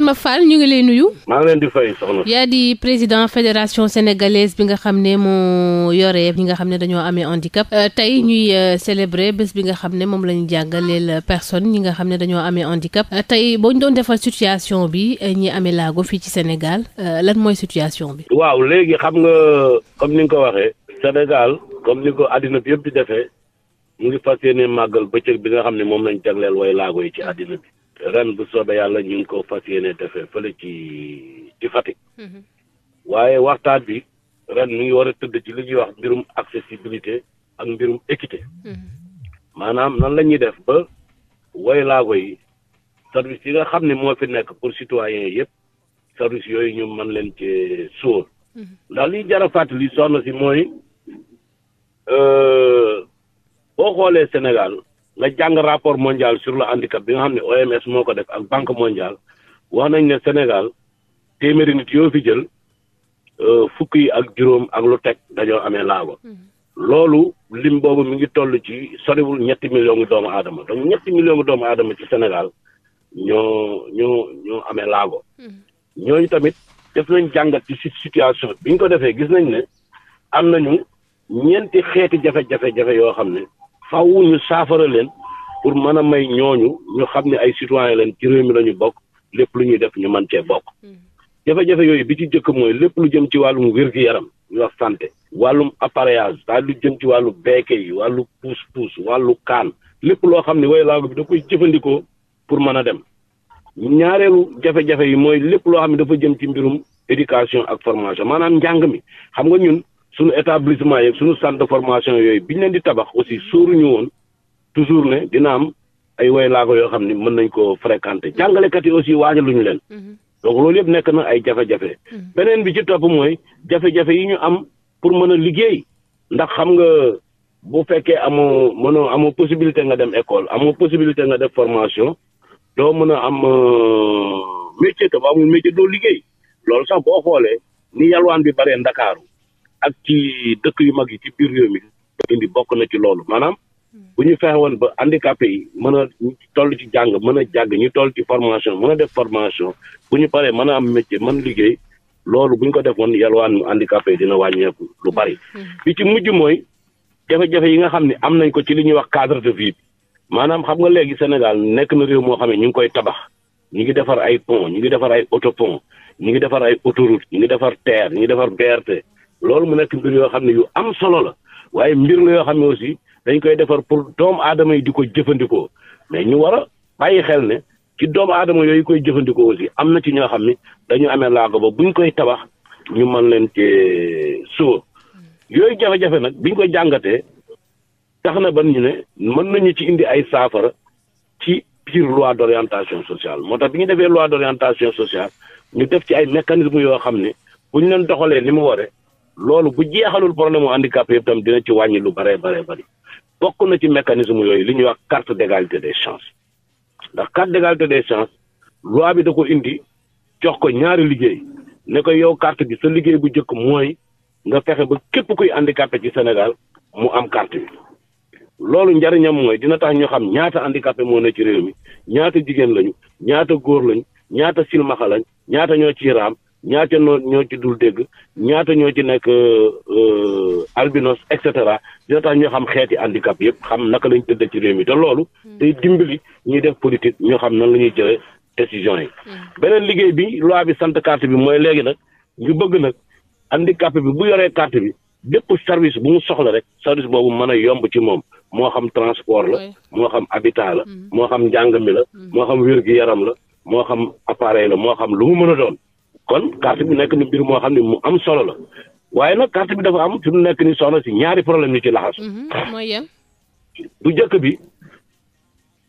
ma Fall ñu ngi lay nuyu. maa ngi leen di fay soxna. yaa di président fédération sénégalaise bi nga xam ne moo yore ñi nga xam ne dañoo amee handicap euh, tey ñuy euh, célébrer bés bi nga xam ne moom la ñu jàngaleel personne ñi nga xam ne dañoo amee handicap euh, tey boo ñu doon defal situation bi ñi amee laago fii ci Sénégal lan mooy situation bi. waaw léegi xam nga comme ni nga ko waxee. Sénégal comme ni ko àddina bi yëpp di defee mu ngi fas yéene màggal bëccëg bi nga xam ne moom lañ jagleel way laago yi ci àddina bi. ren bu soobee yàlla ñu ngi ko fas yéene defee fële ci ci Fatick. Mhm. waaye waxtaan bi ren mi ngi war a tëdd ci li ñuy wax mbirum accessibilité ak mbirum équité. Mhm. maanaam nan la ñuy def ba woylaago yi service yi nga xam ne moo fi nekk pour citoyen yëpp service yooyu ñu man leen ci suur. Mhm. ndax liy jar a fàttali soxna si mooy euh, boo xoolee Sénégal. la jàng rapport mondial sur le handicap bi nga xam ne OMS moo ko def ak banque mondiale wax nañ ne Sénégal téeméeri nit yoo fi jël euh, fukk yi ak juróom ak lu teg dañoo amee laago mm-hmm. loolu lim boobu mi ngi toll ci soriwul ñetti million ngi doomu aadama donc ñetti million ngi doomu aadama ci senegal ñoo ñoo ñoo amee laago mm-hmm. ñooñu tamit def nañ jàngat ci situation bi ko defee gis nañ ne am nañu ñeenti xeeti jafe-jafe-jafe yoo xam ne faw ñu saafara leen pour mën a may ñooñu ñu xam ne ay citoyen leen ci réew mi la ñu bokk lépp lu ñuy def ñu man cee bokk. jafe-jafe yooyu bi ci jëkk mooy lépp lu jëm ci wàllum wér yaram ñu santé wàllum appareillage daal lu jëm ci wàllu beeke yi wàllu puus-puus wàllu kaan lépp loo xam ne way laago bi da koy jëfandikoo pour mën a dem ñaareelu jafe-jafe yi mooy lépp loo xam ne dafa jëm ci mbirum éducation ak formation maanaam njàng mi xam nga ñun sunu établissement yeeg suñu centre de yooyu bi ñu leen di tabax aussi sóoruñu woon toujours ne dina am ay way laa ko yoo xam ni mën nañ ko fréquenter mhm. jàngalekat yi aussi waajaluñu leen mhm. donc loolu yëpp nekk na ay jafe-jafe mhm. beneen bi ci topp mooy jafe-jafe yi ñu am pour mën a liggéey ndax xam nga bu fekkee amoo mënoo amoo possibilité nga dem école amoo possibilité nga def formation doo mën a am euh, métier te ba métier doo liggéey loolu sax boo xoolee ni yalwaan bi baree Ndakaaru ak ci dëkk yu mag yi ci biir réew mi indi bokk na ci loolu maanaam bu ñu fexe woon ba handicapé yi mën a toll ci jàng mën a jàng ñu toll ci formation mën a def formation bu ñu paree mën a am métier mën liggéey loolu buñ ñu ko defoon yalwaanu handicapé yi dina wàññeeku lu bari. Hmm. bi ci mujj mooy jafe-jafe yi nga xam ne am nañ ko ci li ñuy wax cadre de vie maanaam xam nga léegi Sénégal nekk na réew moo xam ne ñu ngi koy tabax ñu ngi defar ay pont ñu ngi defar ay autopont ñu ngi defar ay autoroute ñu ngi defar terre ñu defar BRT. loolu mu nekk mbir yoo xam ne yu am solo la waaye mbir la yoo xam ne aussi dañ koy defar pour doomu aadama yi di ko jëfandikoo mais ñu war a bàyyi xel ne ci doomu aadama yooyu koy jëfandikoo aussi am na ci ñoo xam ne dañu amee laago bu ñu koy tabax ñu mën leen cee suba yooyu jafe-jafe nag biñ koy jàngatee tax na ban ñu ne mën nañu ci indi ay saafara ci biir loi d'orientation sociale moo tax bi ñu defee loi d'orientation sociale ñu def ci ay mécanisme yoo ne buñ leen doxalee ni mu waree loolu bu jeexalul problème mu handicap yëpp tam dina ci wàññi lu bare bare bari bokk na ci mécanisme yooyu li ñuy wax carte d'égalité des chances ndax carte d'égalité des chances loi bi da ko indi jox ko ñaari liggéey ne ko yow carte bi sa liggéey bu njëkk mooy nga fexe ba képp kuy handicapé ci Sénégal mu am carte bi loolu njariñam mooy dina tax ñu xam ñaata handicapé moo ne ci réew mi ñaata jigéen lañu ñaata góor lañu ñaata silmaxa lañ ñaata ñoo ciy ñaata noonu ñoo ci dul dégg ñaata ñoo ci nekk euh, albinos et cetera dina tax ñu xam xeeti handicap yëpp xam naka lañ tëdd ci réew mi te loolu hmm. day dimbali ñuy def politique ñoo xam na la ñuy jëlee décision yi. Hmm. beneen liggéey bi loi bi sant carte bi mooy léegi nag ñu bëgg nag handicap bi bu yoree carte bi bépp service bu mu soxla rek service boobu mën a yomb ci moom moo xam transport la moo xam habitat la hmm. moo xam njàng mi la moo xam wér-gi-yaram la moo xam appareil la moo xam lu mu mën a doon. kon carte bi nekk na mbir moo xam ne mu am solo la waaye na carte bi dafa am fi mu nekk ni soxna si ñaari problème yu ci laxas. Mhm. bu njëkk bi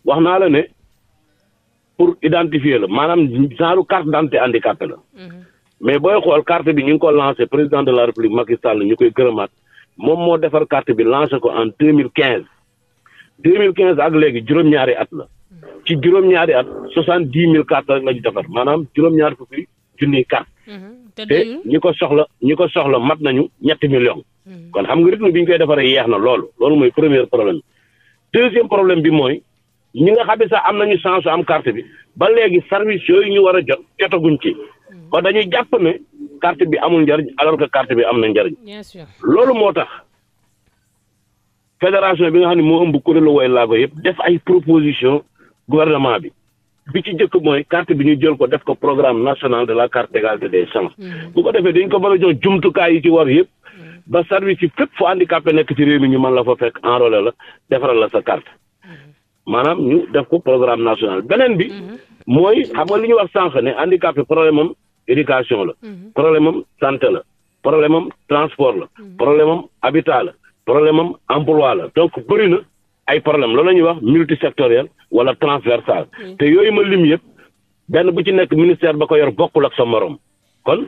wax naa la ne pour identifier la maanaam genre carte d'identité handicapé la. Mhm. mais booy xool carte bi ñu ngi ko lancé président de la république Macky Sall ñu koy gërëmaat moom moo defar carte bi lancé ko en deux mille quinze. deux mille quinze ak léegi juróom-ñaari at la. Mhm. ci juróom-ñaari at soixante dix mille cartes rek la ñu defar maanaam juróom-ñaari fukki junniy carte mhm. te ñi ko soxla ñi ko soxla mat nañu ñetti million mhm. kon xam nga rythme bi ñu koy defaree yeex na loolu loolu mooy premier problème deuxième problème bi mooy ñi nga xam ne sax am nañu chance am carte bi ba léegi service yooyu ñu war a jot jotaguñ ci mhm. kon dañuy jàpp ne carte bi amul njariñ alors que carte bi am na njariñ loolu moo tax fédération bi nga xam ne moo ëmb kuréelu woy laa ba yëpp def ay proposition gouvernement bi bi ci njëkk mooy carte bi ñu jël ko def ko programme national de la carte d'égalité des chances mm-hmm. bu ko defee dañ ko mën a jox jumtukaay yi ci war yëpp mm-hmm. ba service yi fépp fu nekk ci réew mi ñu la fa fekk enrôlé la defaral la sa carte mm-hmm. maanaam ñu def ko programme national beneen bi mooy xam ñu wax sànq ne handicapé problème am la problème am santé la problème am transport la problème am habitat la problème am la donc bëri ay problème loolu la ñuy wax multisectoriel wala transversal te yooyu ma lim yëpp benn bu ci nekk ministère ba ko yor bokkul ak sa morom kon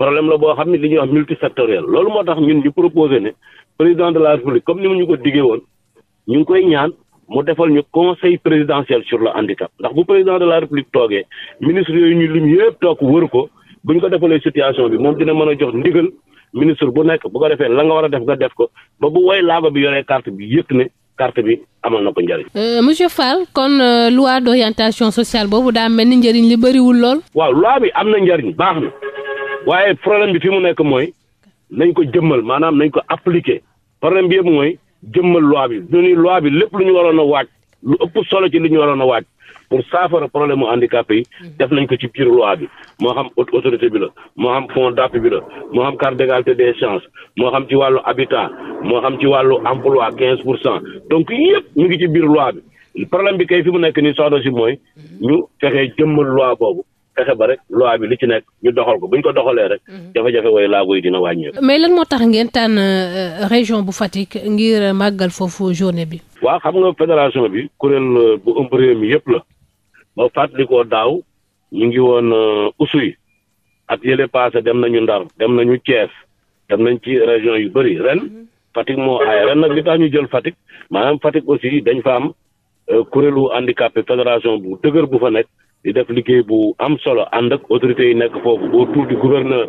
problème la boo xam ne li ñuy wax multisectoriel loolu moo tax ñun ñu proposé ne président de la république comme ni mu ñu ko diggee woon ñu ngi koy ñaan mu defal ñu conseil présidentiel sur le handicap ndax bu président de la république toogee ministre yooyu ñu lim yëpp toog wër ko bu ñu ko defalee situation bi moom dina mën a jox ndigal ministre bu nekk bu ko defee la nga war a nga def ko ba bu woy laago bi yoree carte bi yëpp ne carte bi amal na ko njëriñ. Euh, si Fall kon euh, loi d'orientation sociale boobu daa mel ni njëriñ li bëriwul lool. waaw loi bi am na njëriñ baax na waaye problème bi fi mu nekk mooy nañ ko jëmmal maanaam nañ ko appliquer problème bi yëpp mooy jëmmal loi bi ñu ni loi bi lépp lu ñu waroon a waaj lu ëpp solo ci li ñu waroon waaj pour saafara problème mu yi mhm. def nañ ko ci biir loi bi moo xam autorité bi la moo xam fonds d'appui bi la moo xam carte d'égalité moo xam ci wàllu habitat moo xam ci wàllu emploi quinze pour cent donc yëpp ñu ngi ci biir loi bi problème bi kay fi mu nekk nii soxna si mooy mhm. ñu fexe jëmmal loi boobu fexe ba rek loi bi li ci nekk ñu doxal ko bu ñu ko doxalee rek mhm. jafe-jafe way laago yi dina wàññeeku. mais lan moo tax ngeen tànn euh, région bu Fatick ngir màggal foofu journée bi. waaw xam nga fédération bi kuréel euh, bu mi yëpp la. ba fàttalikoo daaw ñu ngi woon uh, usuy at yële passé dem na ñu Ndar dem nañu Thiès dem nañ ci région yu bëri ren mhm. Fatick moo aay ah, ren nag li tax ñu jël Fatick maanaam Fatick aussi dañ fa am uh, kuréelu handicapé fédération bu dëgër bu fa nekk di def liggéey bu am solo ànd ak autorités yi nekk foofu autour du gouverneur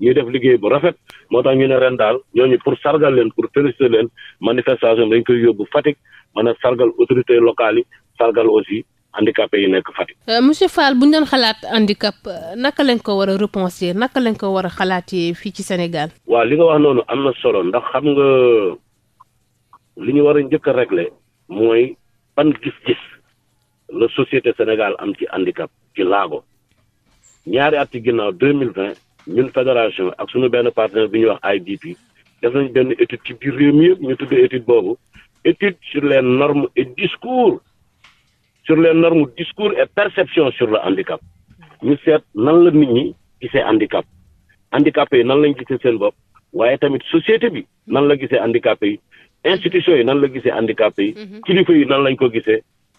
ñuy def liggéey bu rafet moo tax ñu ne ren daal ñooñu pour sargal leen pour féliciter leen manifestation dañ koy yóbbu Fatick mën a sargal autorités locales yi sargal aussi handicapé yi nekk Fatick. Euh, monsieur Fall bu ñu doon xalaat handicap euh, naka lañ ko war a naka lañ ko war a xalaatee fii ci senegal waa li nga wax noonu am na solo ndax xam nga li ñu war a njëkk a régler mooy ban gis-gis la société Sénégal am ci handicap ci laago ñaari at ci ginnaaw deux mille vingt ñun fédération ak suñu benn partenaire bi ñuy wax IDP def nañ benn étude ci biir mi yëpp ñu tudd étude boobu étude sur les normes discours. sur les norme discours et perception sur le handicap ñu seet nan la nit ñi gisee handicap handicapé yi nan lañ gisee seen bopp waaye tamit société bi nan la gisee handicapé yi institution yi nan la gisee handicapé yi mhm. kilifa yi nan lañ ko gisee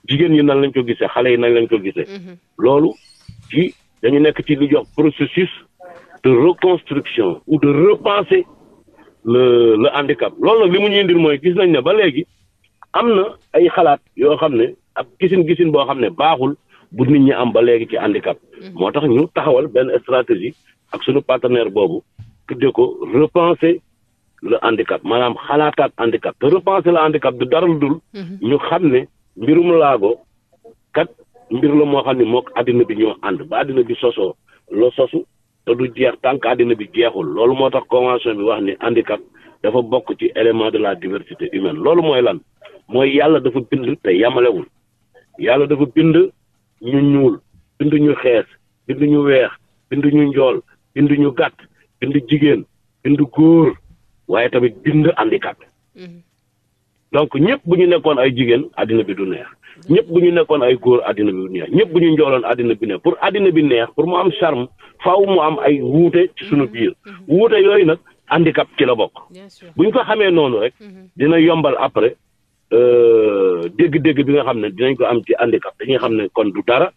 jigéen ñi nan lañ ko gisee xale yi nan lañ ko gisee mhm. loolu ci dañu nekk ci lu jox processus de reconstruction ou de repenser le handicap loolu li mu ñu indil mooy gis nañ ne ba léegi am na ay xalaat yoo xam ne ak gisin gisin boo xam ne baaxul bu nit ñi am ba léegi ci handicap. Mhm. moo tax ñu taxawal benn stratégie ak suñu partenaire boobu tuddee ko repenser la handicap maanaam xalaataat handicap te repenser la handicap du dara lu dul. Mhm. ñu xam ne mbirum laago kat mbir la moo xam ne mook àddina bi ñoo ànd ba àddina bi sosoo la sosu te du jeex tànk àddina bi jeexul loolu moo tax convention bi wax ni handicap dafa bokk ci élément de la diversité humaine loolu mooy lan mooy yàlla dafa te yamalewul yàlla dafa bind ñu ñuul bind ñu xees bind ñu weex bind ñu njool bind ñu gàtt bind jigéen bind góor waaye tamit bind handicap mhm. donc ñëpp bu ñu nekkoon ay jigéen addina bi du neex ñëpp bu ñu nekkoon ay góor àddina bi du neex ñëpp bu ñu njooloon àddina bi neex pour àddina bi neex pour mu am charme faw mu am ay wuute ci suñu mhm. biir mhm. wuute yooyu nag handicap ci la bokk bu ñu ko xamee noonu rek dina yombal après Euh, dégg-dégg bi nga xam ne dinañ ko am ci handicap dañuy xam ne kon du dara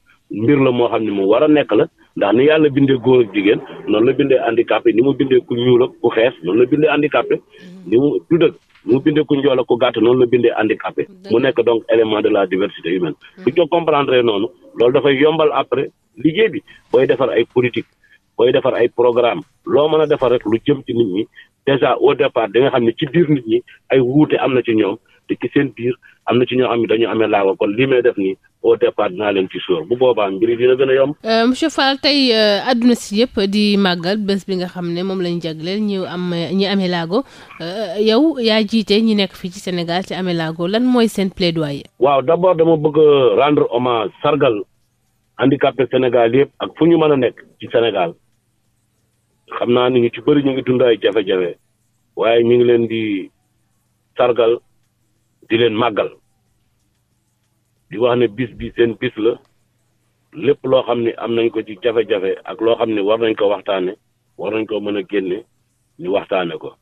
mbir la moo xam ne mu war a nekk la ndax ni yàlla bindee góor ak jigéen noonu la bindee handicapé ni mu bindee ku ñuula ak ku xees noonu la bindee handicapé mm-hmm. ni mu du dëgg ni bindee ku njool ak ku gàtt noonu la bindee handicapé mu nekk donc élément de la diversité humaine bu ñu ko comprendre noonu loolu dafay yombal après liggéey bi booy defar ay politique booy defar ay programme loo mën a defar rek lu jëm ci nit ñi déjà au départ da xam ne ci biir nit ñi ay wuute am na ci ñoom te ci seen biir am na ci ñoo xam ne dañu amee laago kon lii may def nii au départ dinaa leen ci sóor bu boobaa mbir dina gën a yomb. Euh, monsieur Fall tey adduna euh, si yëpp di màggal bés bi nga xam ne moom lañ jagleel ñi am ñi amee laago euh, yow yaa jiite ñi nekk fii ci senegal ci amee laago lan mooy seen plaidoyer. waaw d'abord dama bëgg rendre hommage sargal handicapé senegal yëpp ak fu ñu mën a nekk ci senegal xam naa ni ñu ci bëri ñu ngi dund jafe-jafe waaye ñu ngi leen di di leen màggal di wax ne bis bi seen bis la lépp loo xam ne am nañ ko ci jafe-jafe ak loo xam ne war nañ ko waxtaane war nañ ko mën a génne ñu waxtaane ko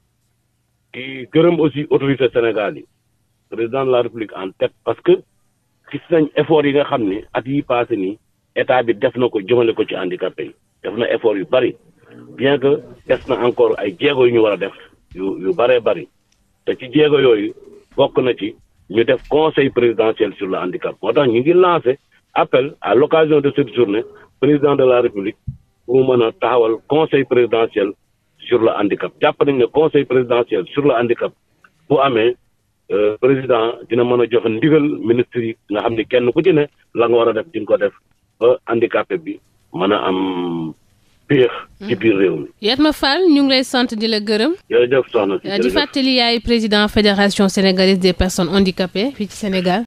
di gërëm aussi autorité Sénégal yi président de la République en tête parce que gis nañ effort yi nga xam ni at yi passé nii état bi def na ko jëmale ko ci handicapé yi def na effort yu bari bien que des na encore ay jéego yu ñu war a def yu yu baree bari te ci jéego yooyu bokk na ci ñu def conseil présidentiel sur le handicap moo tax ñu ngi lancé appel à l'occasion de cette journée président de la république pour mu a taxawal conseil présidentiel sur le handicap jàpp nañ ne conseil présidentiel sur le handicap bu amee euh, président dina mën a jox ndigal ministre yi nga xam ni kenn ku ci ne la nga war a def di ko def ba handicapé bi man a am piir ma hmm. biir ñu ngi lay sant di la gërëm. jërëjëf soxna euh, di fàttali yaay président fédération sénégalaise des personnes handicapées fii ci Sénégal.